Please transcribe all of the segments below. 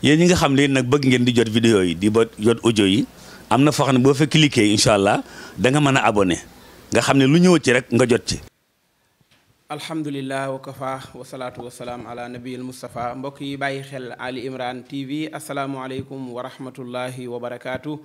yéen ñi nga xam ne nag bëgg ngeen di jot vidéo yi di ba jot audio yi am na foo xam ne boo fa cliquer incha allah danga nga mën a abonné nga xam ne lu ñëw ci rek nga jot ci. alhamdulilah wa kafa wasalaatu wasalaam ala nabiyil Mustafa mbokk yi bàyyi xel Ali Imran TV asalaamualeykum wa rahmatullahi wa barakaatu.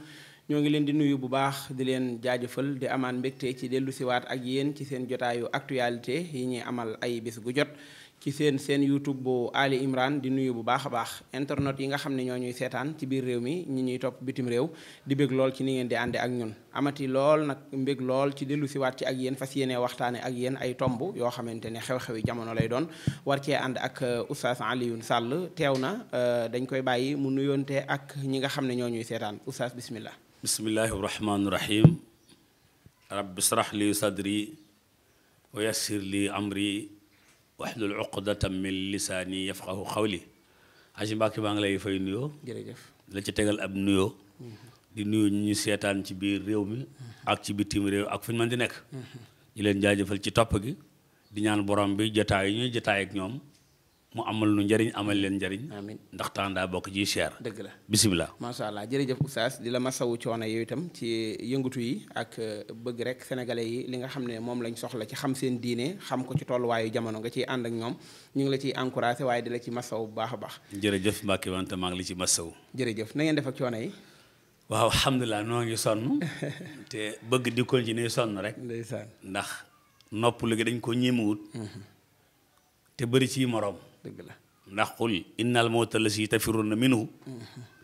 ñoo ngi leen di nuyu bu baax di leen jaajëfal di amaan mbégte ci dellu siwaat ak yéen ci seen jotaayu actualité yi ñuy amal ay bis gu jot. ci seen seen YouTube bu Ali Imran di nuyu bu baax a baax internet yi nga xam ne ñoo ñuy seetaan ci biir réew mi ñi ñuy topp bitim réew di bég lool ci ni ngeen di ànde ak ñun amati lool nag mbég lool ci dellu siwaat ci ak yéen fas yéene waxtaane ak yéen ay tomb yoo xamante ne xew-xewi jamono lay doon war cee ànd ak uh, oustaz Alioune Sall teew na uh, dañ koy bàyyi mu nuyoonte ak ñi nga xam ne ñoo ñuy seetaan oustaz bismillah bismillahi rahmaani rahim rabbi srah li sadri wa yassir amri waxlul uqdatam min lisaani yafqahu xawli Haji Mbàkke maa ngi lay fay nuyoo jërëjëf la ci tegal ab nuyoo di nuyoo ñu ñu seetaan ci biir réew mi ak ci bitim réew ak fu ñu mën di nekk di leen jaajëfal ci topp gi di ñaan borom bi jotaay yi ñuy jotaay ak ñoom mu amal nu njëriñ amal leen njëriñ. amiin ndax temps daa bokk ci cher. dëgg la bisimilah. macha jërëjëf oustaz di la masawu coono yow itam ci yëngatu yi ak euh, bëgg rek sénégalais yi li nga xam ne moom lañ soxla ci xam seen diine xam ko ci tolluwaayu jamono nga ciy ànd ak ñoom ñu ngi la ciy encouragé waaye di la ci masawu bu baax a baax. jërëjëf Mbacke wante maa ngi la ci masawu. jërëjëf nangeen ngeen def ak coono yi. waaw alhamdulilah noo ngi sonn te bëgg di continuer sonn rek. ndeysaan ndax nopp dañ ko ñemewut mhm. bëri ci moroom dëgg la ndax xul innal mawta la si tafiruna minhu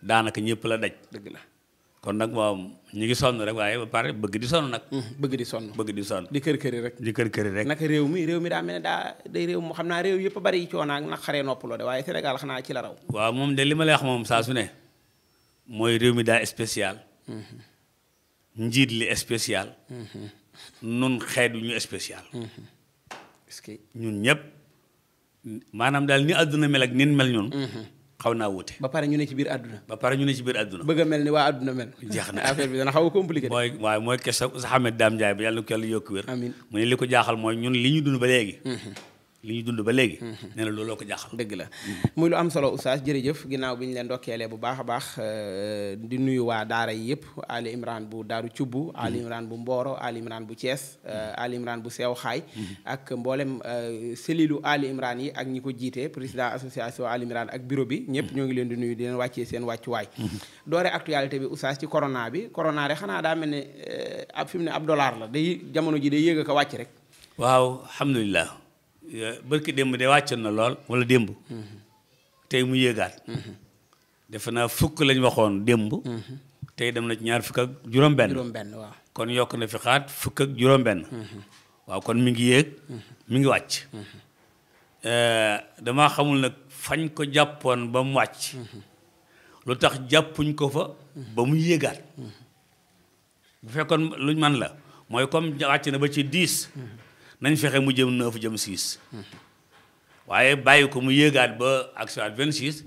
daanaka ñëpp la daj dëgg la kon nag moom ñu ngi sonn rek waaye ba pare bëgg di sonn nag mm, bëgg di sonn bëgg di sonn di kër këri rek di kër këri rek naka réew mi réew mi daa mel daa day réew mu xam naa réew yëpp bari yi coono ak naqaree noppaloo de waaye Sénégal xanaa ci la raw waaw moom de li ma lay wax moom saa su ne mooy réew mi daa spécial mm-hmm. njiit li spécial mm-hmm. nun xeet yu ñu spécial mm-hmm. ñun ñëpp maanaam daal ni àdduna mel ak nin mel ñun mhm. xaw naa wute ba pare ñu ne ci biir àdduna ba pare ñu ne ci biir àdduna bëgg a mel ni waa àdduna mel jeex na affaire bi dana xaw a compliqué mooy waaw mooy kes sa xamet daam Njaay bi yàlla ko yàlla yokk wér mu ne li ko jaaxal mooy ñun li ñu dund ba léegi mhm. li ñu dund ba léegi mm-hmm. nee looloo ko jaaxal dëgg la muy lu am solo oustaz jërëjëf ginnaaw bi ñu leen dokkeelee bu baax a baax euh, di nuyu waa daara yi yëpp Ali Imran bu Daaru Cubb Ali mm-hmm. Imran bu Mbooro Ali Imran bu cees euh, mm-hmm. Ali Imran bu Seew Xaay ak mboolem selilu euh, Ali Imran yi ak ñi ko jiitee président association Ali Imran ak bureau bi ñëpp ñoo ngi leen di nuyu di wàccee seen wàccuwaay doore actualité bi oustaz ci corona bi corona rek xanaa daa mel ne fi mu ne ab la day jamono ji day yéeg ko wàcc rek waaw alhamdulilah barki démb de wàccoon na lool wala démb tey mu yéegaat defe naa fukk lañ waxoon démb tey dem na ci ñaar fukk ak juróom-benn kon yokk na fi xaat fukk ak juróom-benn waaw kon mi ngi yéeg mi ngi wàcc eh, damaa xamul nag fañ ko jàppoon ba mu wàcc lu tax jàppuñ ko fa ba mu yéegaat bu fekkoon luñ man la mooy comme wàcc na ba ci diis nañ fexe mu jëm neuf jëm six waaye bàyyi ko mu yéegaat ba ak soit vingt six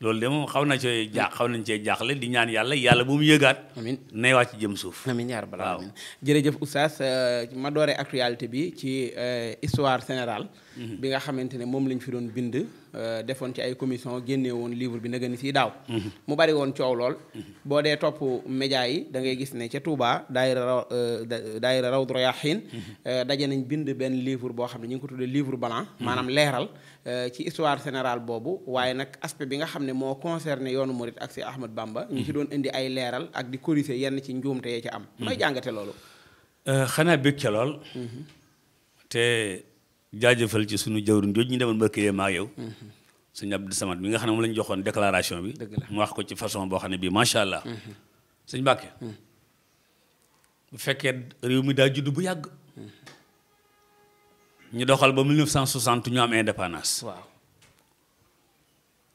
loolu de moom xaw na cee jaax mm-hmm. xaw nañ cee jaaxle di ñaan yàlla yàlla bu mu yëgaat. amiin nay ci jëm suuf. amiin yaa rabbal aalamiin jërëjëf oustaz euh, ma dooree actualité bi ci euh, histoire générale. Mm-hmm. bi nga xamante ne moom lañ fi doon bind. Euh, defoon ci ay commission génne woon livre bi nagani si daaw mhm. mu bari woon coow lool mhm. boo dee topp média yi da ngay gis ne ca Touba daayira euh, daayira Rawdu Rayaahiin mhm. euh, daje nañ bind benn livre boo xam ne ñu ngi ko tuddee livre blanc maanaam leeral ci histoire générale boobu waaye nag aspect bi nga xam ne moo concerné yoonu Murit ak si Ahmad Bamba ñu ci doon indi ay leeral ak di corriger yenn ci njuumte yee ci am mooy jàngate loolu xanaa bëgg ca lool te jaajëfal ci suñu jawrin jooju ñu demoon barke yee maa yow sëñ Abdou Samad mi xam ne moom la ñu joxoon déclaration bi mu wax ko ci façon boo xam ne bii macha allah sëñ Mbàkke bu fekkee réew mi daa judd bu yàgg ñu doxal ba 1960 ñu am indépendance waaw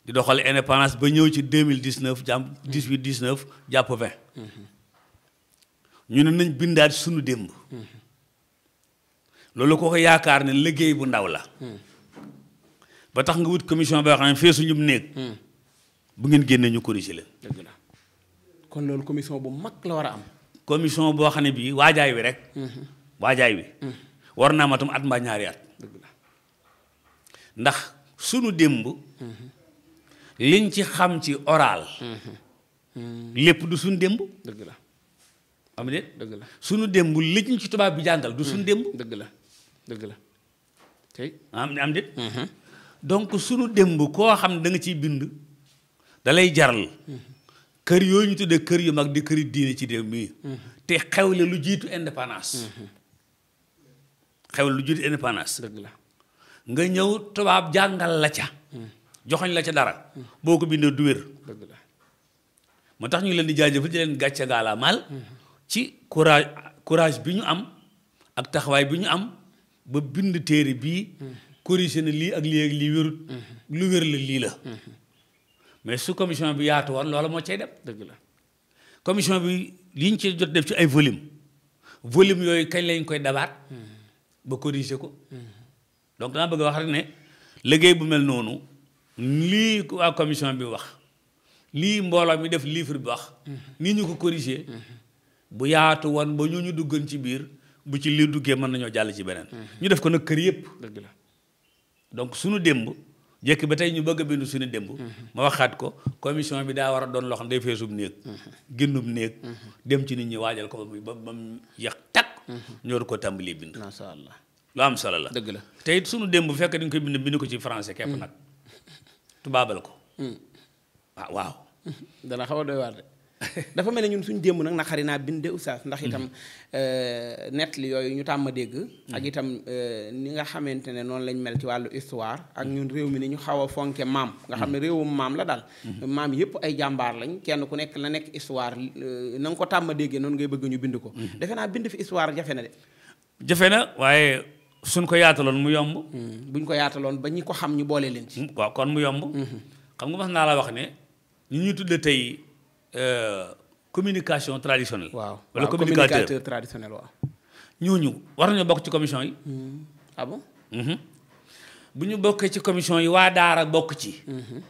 di doxal indépendance ba ñëw ci 2019 jàpp 18 19 jàpp 20 ñu ne nañ bindaat suñu démb loolu koo ko yaakaar ne liggéey bu ndaw la ba tax nga wut commission boo xam ne fee suñu néeg bu ngeen génnee ñu corrigé la kon loolu commission bu mag la war a am commission boo xam ne bii waajaay wi rek waajaay wi war naa matum at mbaa ñaari at ndax sunu démb liñ ci xam ci oral lépp du suñ démb dëgg la am déet dëgg la sunu démb liñ ci tubaab bi jàngal du suñ démb dëgg la dëgg la tey am am dit mhm. donc sunu démb koo xam ne da ciy bind dalay lay jaral mhm. kër yooyu ñu tuddee kër yu mag di këri diine ci démb mii mhm. te xewle lu jiitu indépendance xewle lu jiitu indépendance dëgg la nga ñëw tubaab jàngal la ca joxoñ la ca dara boo ko bindee du wér dëgg la moo tax ñu leen di jaajëfal di leen gàcce gaala maal ci courage courage bi ñu am ak taxawaay bi ñu am ba bind téere bii corrigé na lii ak lii ak lii wérut lu wér la lii la mais su commission bi yaatu wan loola moo cay def dëgg la commission bi li ñu ci jot def ci ay volume volume yooyu kañ lañ koy dabaat ba corrigé ko donc dama bëgg wax rek ne léggéey bu mel noonu lii waa commission bi wax lii mbooloo mi def livre bi wax nii ñu ko corrigé bu yaatu woon ba ñu ñu duggan ci biir bu ci lii duggee mën nañoo jàll ci beneen. Mhm. ñu def ko nag kër yëpp. dëgg la donc sunu démb. jekk ba tey ñu bëgg a bindu suñu démb. Mhm. ma waxaat ko commission bi daa war a doon loo xam day feesub néeg. Mhm. bu néeg. dem ci nit ñi waajal ko ba ba mu yàq takk. ñoo ko tàmbali bind. macha allah lu am solo la. dëgg la te it sunu démb bu fekkee dañ koy bind bind ko ci français képp nag. tubaabal ko. Ah, waaw. dana xaw doy waar de. dafa mel ne ñun suñu démb nag naqari naa bindee oustaz ndax itam euh, net li yooyu ñu tàmm dégg. Mm-hmm. ak itam euh, ni nga xamante ne noonu lañ mel ci wàllu histoire ak mm-hmm. ñun réew mi ni ñu xaw a fonke maam nga xam ne mm-hmm. réewum maam la daal. maam yëpp ay jàmbaar lañ kenn ku nekk la nekk histoire euh, na nga ko tàmm dégge noonu ngay bëgg ñu bind ko. defe naa bind fi histoire jafe na de. jafe na waaye suñ ko yaataloon mu yomb. buñ ko yaataloon ba ñi ko xam ñu boole leen ci. waaw kon mu yomb. xam ñu ñu tuddee Euh, communication traditionnelle. waaw wala communicateur traditionnel waaw. ñooñu war nañoo bokk ci commission yi. Mm-hmm. ah mm-hmm. bu ñu bokkee ci commission yi waa Daara bokk ci. Mm-hmm.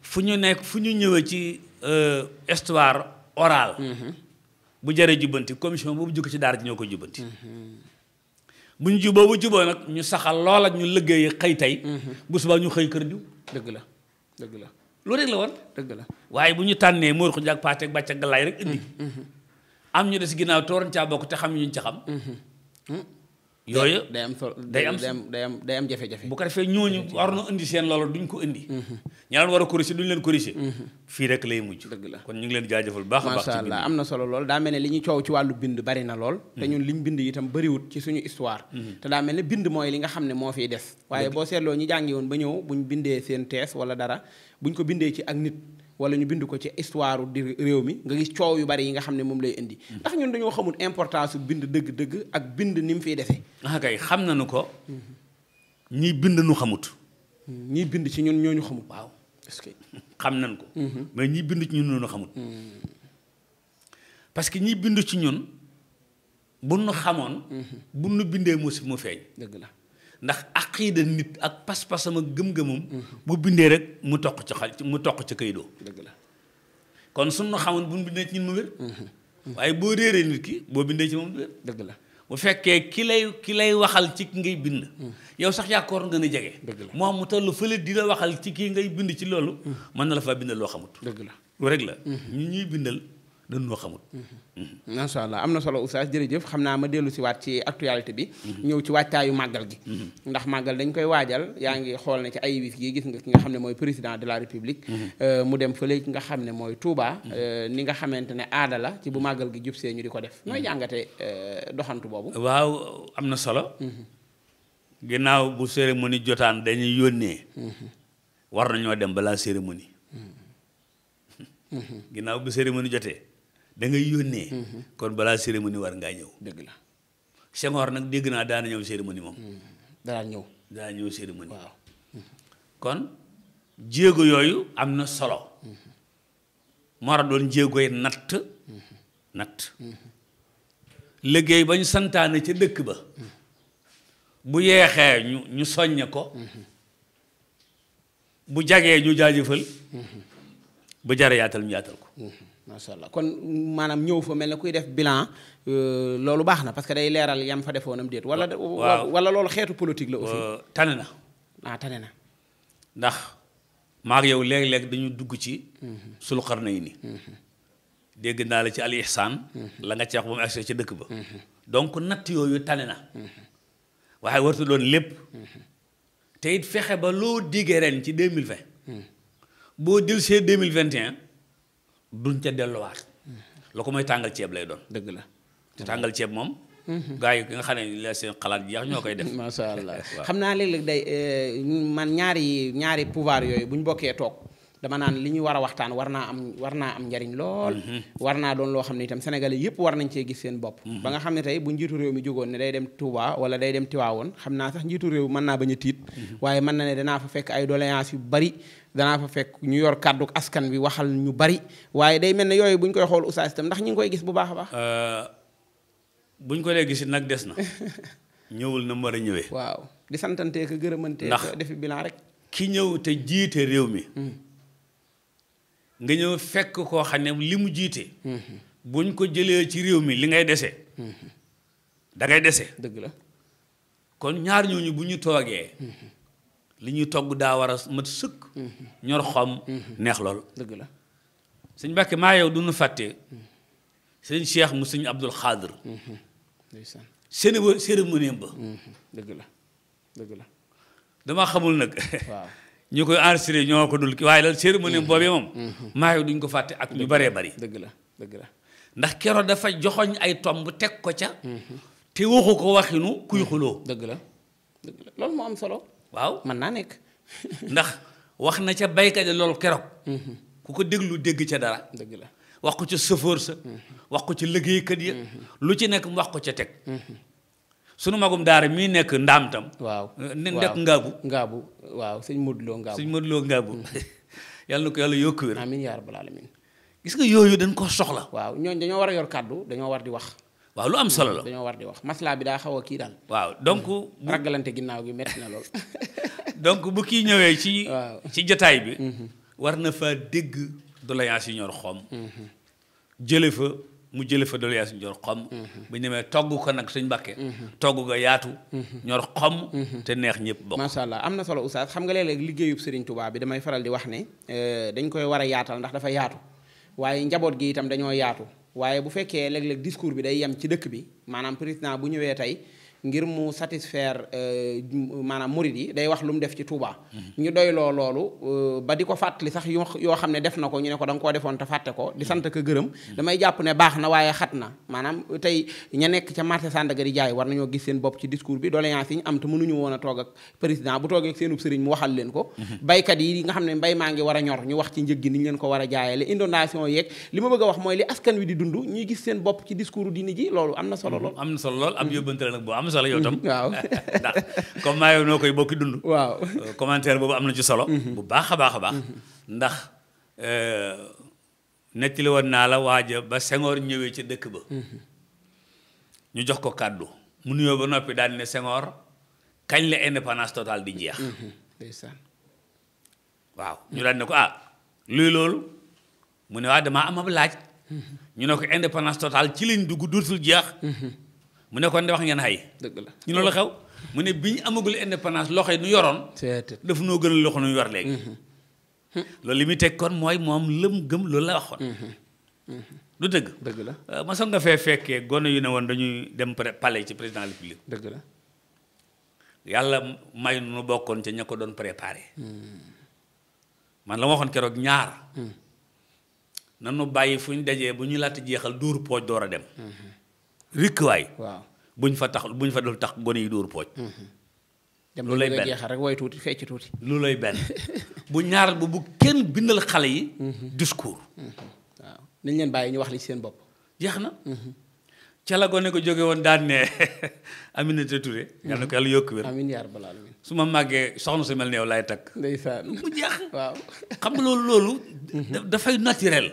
fu ñu nekk fu ñu ñëwee ci euh, histoire orale. bu jaree jubbanti commission boobu jukki ci Daara ji ñoo koy jubbanti. bu ñu juboo bu juboo nag ñu saxal loola ñu liggéey xëy tey. bu subaa ñu xëy kër ju la dëgg la. loolu rek la woon dëgg la waaye bu ñu tànnee Mor Khoudia ak Pathé ak Bàcc ak rek indi mm-hmm. am ñu des ginnaaw tooran caa bokk te xam ñu ca xam yooyu day am day am day am day am jafe-jafe. bu ko defee ñooñu war na indi seen loolu duñ ko indi. Mhm. ña leen war a corriger duñ leen corriger. Mhm. fii rek lay mujj. dëgg la kon ñu ngi leen jaajëfal baax a baax. macha allah am na solo lool daa mel ne li ñu coow ci wàllu bind bari na lool. Mhm. te ñun liñ bind itam bariwut ci suñu histoire. te daa mel ne bind mooy li nga xam ne moo fiy des. waaye boo seetloo ñu jàngi woon ba ñëw buñ bindee seen tees wala dara buñ ko bindee ci ak nit. wala ñu bind ko ci histoire di réew mi nga gis coow yu bari yi nga xam ne moom lay indi. Hmm. ndax ñun dañoo xamul importance bind dëgg-dëgg ak bind ni mu fiy defee. ah kay xam nañu ko. Hmm. ñiy bind nu xamut. Hmm. ñiy bind ci ñun ñooñu xamut. waaw est-ce xam nañ ko. mais ñiy bind ci ñun ñoo parce que ñiy bind ci ñun bu nu xamoon. bu nu bindee mu mu feeñ. dëgg la. ndax aqiida nit ak pas-pasam sama gëm-gëmam. bu bindee rek mu toq ci xal mu toq ci kaydoo. dëgg la kon sunu xamoon bu bindee ci ñun mu wér. waaye boo réeree nit ki boo bindee ci moom du wér. dëgg la bu fekkee ki lay ki lay waxal ci ki ngay bind. yow sax yàkkoor nga ne jege. dëgg la mu toll fële di la waxal ci kii ngay bind ci loolu. Mm. mën na la faa bindal loo xamut. dëgg la lu rek la. Mm-hmm. ñu ñuy bindal. dañ noo xamul. Mm-hmm. macha allah am na solo oustaz jërëjëf xam naa ma dellu si waat ci actualité bi. Mm-hmm. ñëw ci waajtaayu màggal gi. Mm-hmm. ndax màggal dañ koy waajal yaa ngi xool ne ci ay wis gi gis nga ki nga xam ne mooy président de la république. Euh, mu dem fële ki nga xam ne mooy Touba. Euh, ni nga xamante ne aada la ci bu màggal gi jub see ñu di ko def. nooy jàngate euh, doxantu boobu. waaw am na solo. ginnaaw bu cérémonie jotaan dañuy yónnee. war nañoo dem balaa cérémonie. ginnaaw bu cérémonie jotee. da ngay yónnee. Mhm. kon balaa cérémonie war ngaa ñëw. dëgg la Senghor nag dégg naa daana ñëw cérémonie moom. Mhm. daan ñëw daan ñëw cérémonie. waaw mhm. kon jéego yooyu am na solo. moo doon jéegoy natt. natt liggéey ba ñu santaane ca dëkk ba. bu yeexee ñu ñu soññe ko. bu jagee ñu jaajëfal. bu jar yaatal ñu yaatal ko. macha allah kon maanaam ñëw fa mel ne kuy def bilan euh, loolu baax na parce que day leeral yam fa defoonam déet. wala wala loolu xeetu politique la aussi. Euh, tane na. ah tane na. ndax maa yow léeg-léeg dañu dugg ci. Mhm. sulu na Qarnayni. Mhm. dégg naa la ci al ihsaan mhm. langa nga ci wax ba mu agsi ci dëkk ba. donc natt yooyu tane na. waaye wartu doon lépp. te it fexe ba loo diggee ren ci deux mille vingt. boo dellusee deux mille vingt et duñ ca delluwaat. loo ko mooy tàngal ceeb lay doon. dëgg la te tàngal ceeb moom. gaa yi ki nga xam ne la seen xalaat jeex ñoo koy def. macha allah xam naa léeg-léeg day eh, man ñaari ñaari pouvoir yooyu bu ñu bokkee toog. dama naan li ñu war a waxtaan war naa am war naa am njariñ lool mhm. war naa doon loo xam ne itam sénégalais yëpp war nañ cee gis seen bopp mhm. ba nga xam ne tey bu njiitu réew mi jógoon ne day dem wala day dem Tiwaawoon xam naa sax njiitu réew mën naa bañ a tiit mhm. waaye mën na ne danaa fa fekk ay doléance yu bari danaa fa fekk ñu yor kàddu askan wi waxal ñu bari waaye day mel ne yooyu bu ñu koy xool oustaz itam ndax ñu ngi koy gis bu baax a baax euh, buñ ko dee gis nag des na ñëwul na war a ñëwee waaw di santantee ko gërëmantee defi bilan rek ki ñëw te jiite réew mi mm. nga ñëw fekk koo xam ne li mu jiite. buñ ko jëlee ci réew mi li ngay dese. dangay dese. dëgg la kon ñaar ñooñu bu ñu toogee. li ñuy togg daa war a mat sëkk. ñor xom neex lool. dëgg la sëñ Mbàkke maa yow du fàtte. sëñ Cheikh mu suñ Abdul Xaadir. seen cérémonie ba. dëgg la dëgg la. dama xamul nag. ñu koy enregistré ñoo ko dul waaye la cérémonie mm-hmm. boobee moom. Mm-hmm. maa duñ ko fàtte ak ñu baree bari. dëgg la dëgg la ndax keroog dafa joxoñ ay tomb teg ko ca. Mm-hmm. te waxu dëgg la loolu moo am solo. waaw mën naa nekk. ndax wax na ca baykat yi loolu keroog. ku ko déglu dégg ca dara. dëgg la wax ko ca chauffeur sa. wax ko ca liggéeykat ya lu ci nekk mu wax ko ca teg. sunu magum daar mii nekk ndaam tam. waaw nekk ngaabu. ngaabu waaw sëñ Modou Lo ngaabu sëñ Modou Lo ngaabu. Mm. yàlla na ko yàlla yokk wér. amiin laa rabbal aalamiin. gis nga yooyu dañ koo soxla. waaw ñooñu dañoo war a yor kàddu dañoo war di wax. waaw lu am solo la mm, dañoo war di wax maslaa bi daa xaw a kii daan waaw donc. Mm. ragalante ginnaaw gi métti na lool. donc bu kii ñëwee ci. ci jotaay bi. Mm-hmm. war na fa dégg doléance yi ñor xom. Mm-hmm. jële fa. mu jële fa dolu yaasin ñor xomm mhm. bu ñu togg ko nag suñ mbàkkee mhm. togg ga yaatu mhm. ñor xomm te neex ñëpp bokk macha am na solo oustaz xam nga léeg-léeg liggéeyub Serigne Touba bi damay faral di wax ne euh, dañ koy war a yaatal ndax dafa yaatu waaye njaboot gi itam dañoo yaatu waaye bu fekkee léeg-léeg discours bi day yem ci dëkk bi maanaam président bu ñëwee tey ngir mu satisfaire euh, maanaam murid yi day wax lu mu def ci Touba. ñu doy loo loolu euh, ba di ko fàttali sax yoo yoo xam ne def na ko ñu ne ko da nga defoon te fàtte ko di sant ko gërëm damay jàpp ne baax na waaye xat na maanaam tey ña nekk ca marché Sandaga di jaay war nañoo gis seen bopp ci discours bi doléance yi ñu am te mënuñu woon a toog ak président bu toogee ak seenub sëriñ mu waxal leen ko baykat yi nga xam ne mbay maa ngi war a ñor ñu wax ci njëg gi ni ñu leen ko war a jaayale inondation yeeg ma bëgg wax mooy askan wi di dund ñuy gis bopp ci discours diini ji loolu am na solo lool solo yow tam. waaw ndax comme maa noo koy bokki dund. waaw euh, commentaire boobu am na ci solo. Mhm. bu baax a baax a baax. Mhm. ndax euh, nettali woon naa la waaja ba Senghor ñëwee ca dëkk ba. Mhm. ñu jox ko kàddu mu nuyoo ba noppi daal ne Senghor kañ la indépendance totale di jeex. ndeysaan waaw ñu daal ne ko ah luy loolu mu ne waa damaa am ab laaj. ñu ne ko indépendance totale ci lañ dugg dootul jeex. mu ne kon de wax ngeen xay dëgg la ñu loolu xew mu ne bi ñu amagul indépendance loxo yi nu yoroon daf noo gën a loxo nu yor léegi mm-hmm. Mm-hmm. loolu li muy teg kon mooy moom lëm gëm loolu la waxoon mm-hmm. du dëgg dëgg la euh, ma soog nga fee fekkee gone yu ne woon dañuy dem pale ci président de la dëgg la yàlla may nu bokkoon ca ña ko doon préparé man la ma waxoon keroog ñaar nanu bàyyi fu ñu dajee bu ñu laata jeexal duur pooj door a dem rikkuwaay. waaw buñ fa tax buñ fa dul tax gone yi dóor pooj. Mhm. lu lay benn jeexal rek woy tuuti fecc tuuti. lu lay benn bu ñaaral bu bu kenn bindal xale yi. Mhm. discours. Mhm. waaw nañ leen bàyyi ñu wax li seen bopp. jeex na. ca gone ko jóge woon daan ne Aminata Touré. yal na ko yàlla yokk wér. amiin yaa rabbal aalamiin. su ma màggee soxna su mel ne yow laay takk. ndeysaan mu jeex. waaw xam nga loolu loolu. dafay naturel.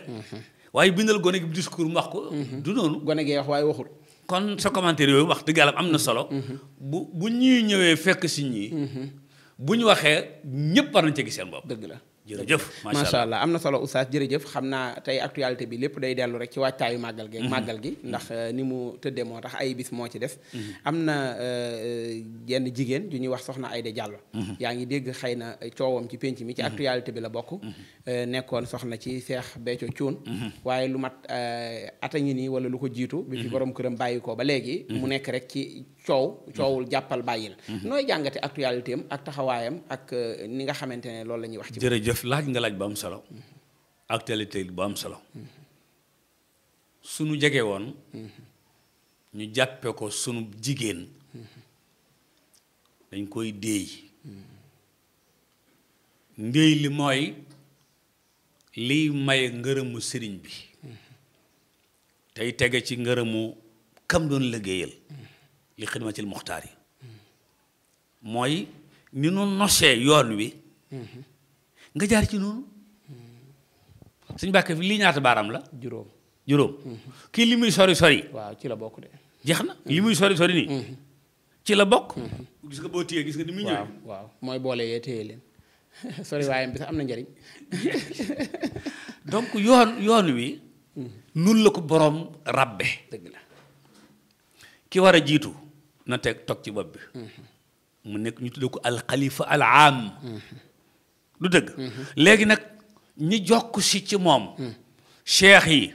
waaye bindal gone gi discours mu wax ko. du noonu gone gee wax waaye waxul. kon sa commentaire yooyu wax dëgg yàlla am na solo. Mhm. bu bu ñuy ñëwee fekk si ñii. Mhm. bu ñu waxee ñëpp war nañ ci gis seen bopp. dëgg la. jërëjëf macha allah am na solo oustaz jërëjëf xam naa tey actualité bi lépp day dellu rek ci wàccaayu màggal gi mhm. màggal gi ndax mhm. ni mu tëddee moo tax ay bis moo ci des mhm. am na euh, euh, yenn jigéen ju ñuy wax soxna Aïda Diallo yaa ngi dégg xëy na coowam ci pénc mi ci actualité bi la bokk euh, nekkoon soxna ci Cheikh Béthio Thioune waaye lu mat ata ngi nii wala lu ko jiitu bi fi borom këram bàyyi ko ba léegi mu nekk rek ci coow coowul jàppal bàyyil nooy jàngate actualité am ak taxawaayam ak ni nga xamante ne loolu la ñuy wax ci def laaj nga laaj bu am solo actualité bu am solo sunu jege woon ñu jàppe ko sunu jigéen dañ koy déey ndéey li mooy liy maye ngërëmu sëriñ bi tey tege ci ngërëmu kam doon liggéeyal li xidmatil muxtaar yi mooy ni nu nosee yoon wi nga jaar ci noonu suñ bàkke fi lii ñaata baaraam la juróom juróom kii li muy sori sori waaw ci la bokk de jeex na li muy sori sori nii mm-hmm. ci la bokk mm-hmm. gis nga boo téyee gis nga ni muy ñëwee waaw mooy boole yee téye am na njariñ donc yoon wi mm-hmm. nun la ko boroom ràbbe dëgg la ki war a jiitu na teg toog ci bopp bi mu nekk ñu tudde ko alxalifa al du dëgg léegi nag ñi jokk si ci moom cheikh yi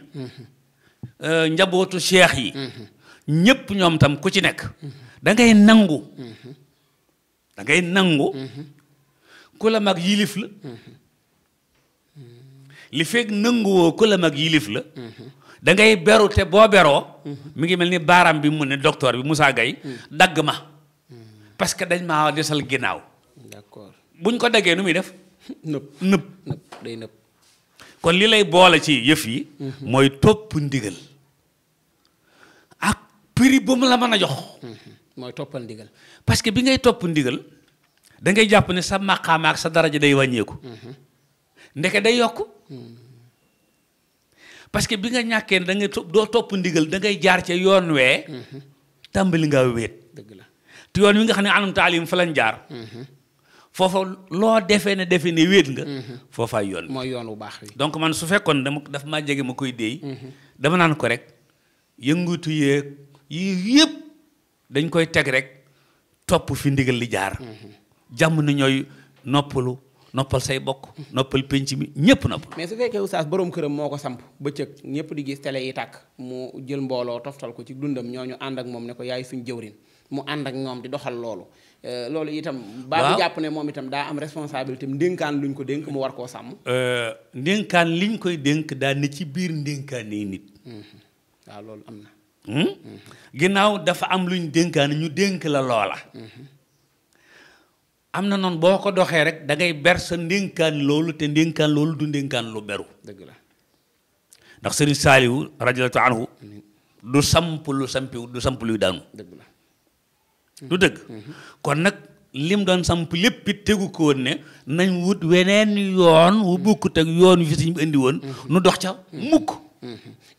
euh, njabootu cheikh yi ñépp ñoom tam ku ci nekk da ngay nangu da ngay nangu ku la mag yilif la li fekk nanguwoo ku yilif la da ngay beru te boo beroo mu ngi mel ni baaraam bi mu ne docteur bi Moussa gay dagg ma parce que dañ maa desal ginnaaw buñ ko deggee nu muy def nëb nëb nëb day nëb kon li lay boole ci yëf yi mooy topp ndigal ak prix ba mu la mën a jox mmh. mooy toppal ndigal parce que bi ngay topp ndigal da ngay jàpp ne sa maqaama ak sa daraja day wàññeeku mmh. ndeke day yokk mmh. parce que bi nga ñàkkee da ngay doo topp ndigal da ngay jaar ca yoon wee tàmbali ngaa wéet dëgg la te yoon wi nga xam ne anam taalim fa lañ jaar foofa loo defee ne defe ne wéet nga. Mhm. foofa yoon mooy yoon wu baax bi. donc man su fekkoon dama daf maa jege ma koy déy. Mhm. dama naan ko rek yëngutu yeeg yii yëpp dañ koy teg rek topp fi ndigal li jaar. Mhm. jàmm na ñooy noppalu noppal say bokk. noppal penc mi ñëpp noppal. mais su fekkee oustaz borom këram moo ko samp bëccëg ñëpp di gis télé yi tàkk mu jël mbooloo toftal ko ci dundam ñu ànd ak moom ne ko yaay suñ jëwrin mu ànd ak ñoom di doxal loolu euh, loolu itam baa bu jàpp ne moom itam daa am responsabilité ndénkaan luñ ko dénk mu war koo sàmm euh, ndénkaan liñ koy dénk daa ne ci biir ndénkaan nii nit mhm. waaw am na hmm? mhm. ginnaaw dafa am luñ dénkaan ñu dénk la loola mhm. na noonu boo ko doxee rek dangay ber sa ndénkaan loolu te ndénkaan loolu du ndénkaan lu beru dëgg la ndax sëriñ Saaliwu radiyallaahu anhu du samp lu sampiwu du samp luy daanu la du dëkk kon nag lim doon samp lépp it tegu ko ne nañ wut weneen yoon wu bukk teg yoon wi fi suñ bi indi woon nu dox ca mukk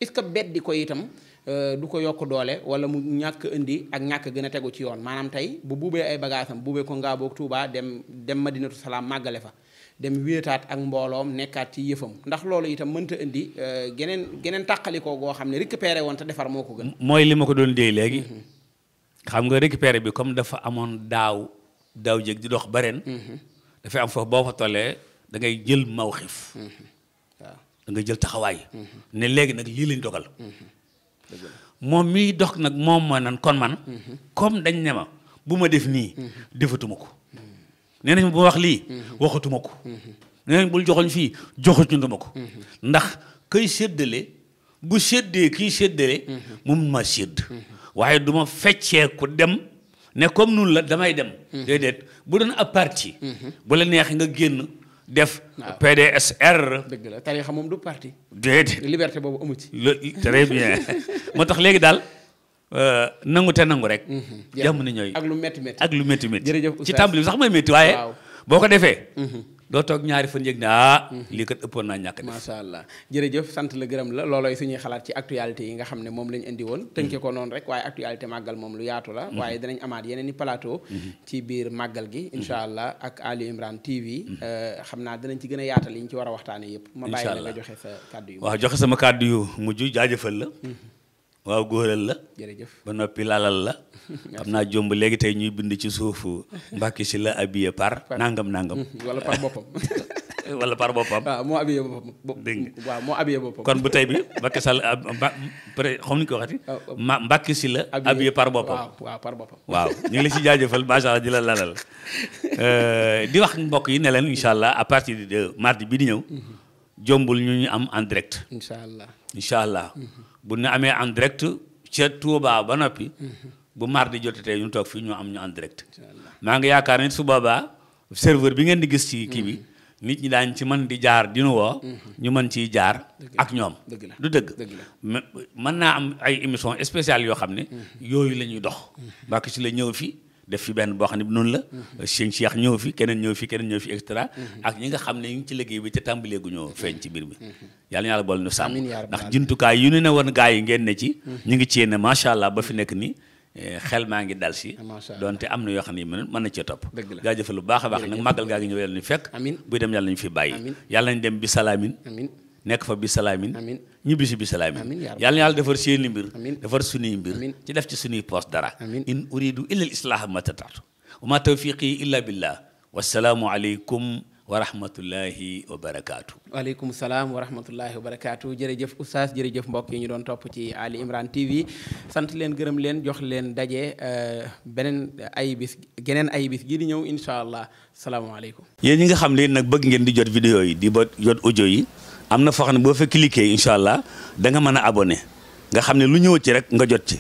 est-ce que beddi ko itam euh, du ko yokk doole wala mu ñàkk indi ak ñàkk gën a tegu ci yoon maanaam tey bu buubee ay bagaasam buubee ko ngaa tuuba Touba dem dem Madinatu Salaam màggale fa dem wéetaat ak mbooloom nekkaat ci yëfam ndax loolu itam mënta indi euh, geneen geneen tàqalikoo goo xam ne récupéré woon te defar moo ko gën mooy li ma ko doon déy léegi mhm. xam nga récupéré bi comme dafa amoon daaw daaw jéeg di dox ba ren. Mm-hmm. dafay am foofu boo fa tollee dangay jël maw xiif mm-hmm. da jël taxawaay. Mm-hmm. ne léegi nag lii lañ dogal. moom miy dox nag moom mooy nan kon man. comme dañ ne ma bu ma def nii. defatuma ko. nee nañ ma wax lii. waxatuma ko. nee bul joxoñ fii joxatuma ko. ndax kay seddale bu seddee kiy séddale. moom ma sédd. waaye du ma feccee ku dem ne comme nun la damay dem. Mhm. déedéet bu doon ab parti. Mhm. bu la neexee nga génn def. PDSR. dëgg la tarixa moom du parti. déedéet liberté boobu amu ci. très bien moo tax léegi daal. Euh, nangu te nangu rek. Mhm. jàmm ni ñooy ak lu métti métti ak lu métti métti. jërëjëf ci tàmbali bi sax mooy métti waaye. boo ko defee. doo toog ñaari fan yëg ne ah. Mhm. lii kat ëppoon naa ñàkk def macha allah jërëjëf sant la gërëm la loolooy suñuy xalaat ci actualité yi nga xam ne moom lañ indi woon mhm. tënke ko noonu rek waaye actualité màggal moom lu yaatu la mhm. waaye dinañ amaat yeneen i plateau ci biir màggal gi incha allah ak Ali Imran TV euh, xam naa danañ ci gën a yaatal yi ñu ci war a waxtaane yëpp ma bàyyi la nga joxe sa kàddu yu waaw joxe sama kàddu yu jaajëfal la waaw góoral la. jërëjëf ba noppi lalal la. xam naa jomb léegi tey ñuy bind ci suufu Mbàkke si la habillé par. nangam nangam. wala par boppam. wala par boppam. waaw ah, moo habillé boppam. dégg nga moo habillé boppam. kon bu tey bi mbakki sal ah, mba pare ni ko waxati. Ah, ma Mbàkke si la. habillé par boppam waaw par boppam. waaw ñu ngi la si jaajëfal macha allah di la lalal euh, di wax mbokk yi ne leen incha allah à partir de mardi bi di ñëw. Mhm. jombul ñu ñu am en direct. incha allah incha allah. bu nu amee en direct ca Touba ba noppi. bu mardi jotatee ñu toog fii ñu am ñu en direct. maa ngi yaakaar nit su boobaa serveur bi ngeen di gis ci kii bi. Mm-hmm. nit ñi daañ ci mën di jaar di mm-hmm. ñu mën ciy jaar ak ñoom. du dëgg mën naa am ay émission spéciale yoo xam ne. Mm-hmm. yooyu la ñuy dox. mbaa ci la ñëw fii. def fi benn boo xam ne bi noonu la mhm. sëñ Cheikh ñëw fi keneen ñëw fi keneen ñëw fi extra mhm. ak ñi nga xam ne ñu ngi ci liggéey bi te tàmbalee gu ñoo feeñ ci mbir bi mhm. yàlla na yàlla boole ñu sàmm ndax jumtukaay yu ne ne woon gaa yi ngeen ne ci ñu ngi ci ne macha allah ba fi nekk nii eh, xel maa ngi dal si donte am na yoo xam ne mën na cee topp jaajëfal lu baax a baax nag màggal gaa ngi ñëw yàlla ñu fekk buy dem yàlla ñu fi bàyyi yàlla nañ dem bi salaamin nekk fa bi salaamin amiin ñibbi si bi salaamin yàlla na yàlla defar seeni mbir defar suñuy mbir ci def ci suñuy poos dara in uridu illa al islaaha ma tataatu wa ma tawfiqi illa billah wassalaamu aleykum wa rahmatullahi wa barakaatu. waaleykum salaam wa rahmatullahi wa barakaatu jërëjëf oustaz jërëjëf mbokk yi ñu doon topp ci Ali Imran TV sant leen gërëm leen jox leen daje euh, beneen ay bis geneen ay bis gi di ñëw incha allah salaamaaleykum. yéen ñi nga xam ne nag bëgg ngeen di jot vidéo yi di ba jot audio yi. am na foo xam ne boo fa cliquer incha allah danga mën a abone nga xam ne lu ñëw ci rek nga jot ci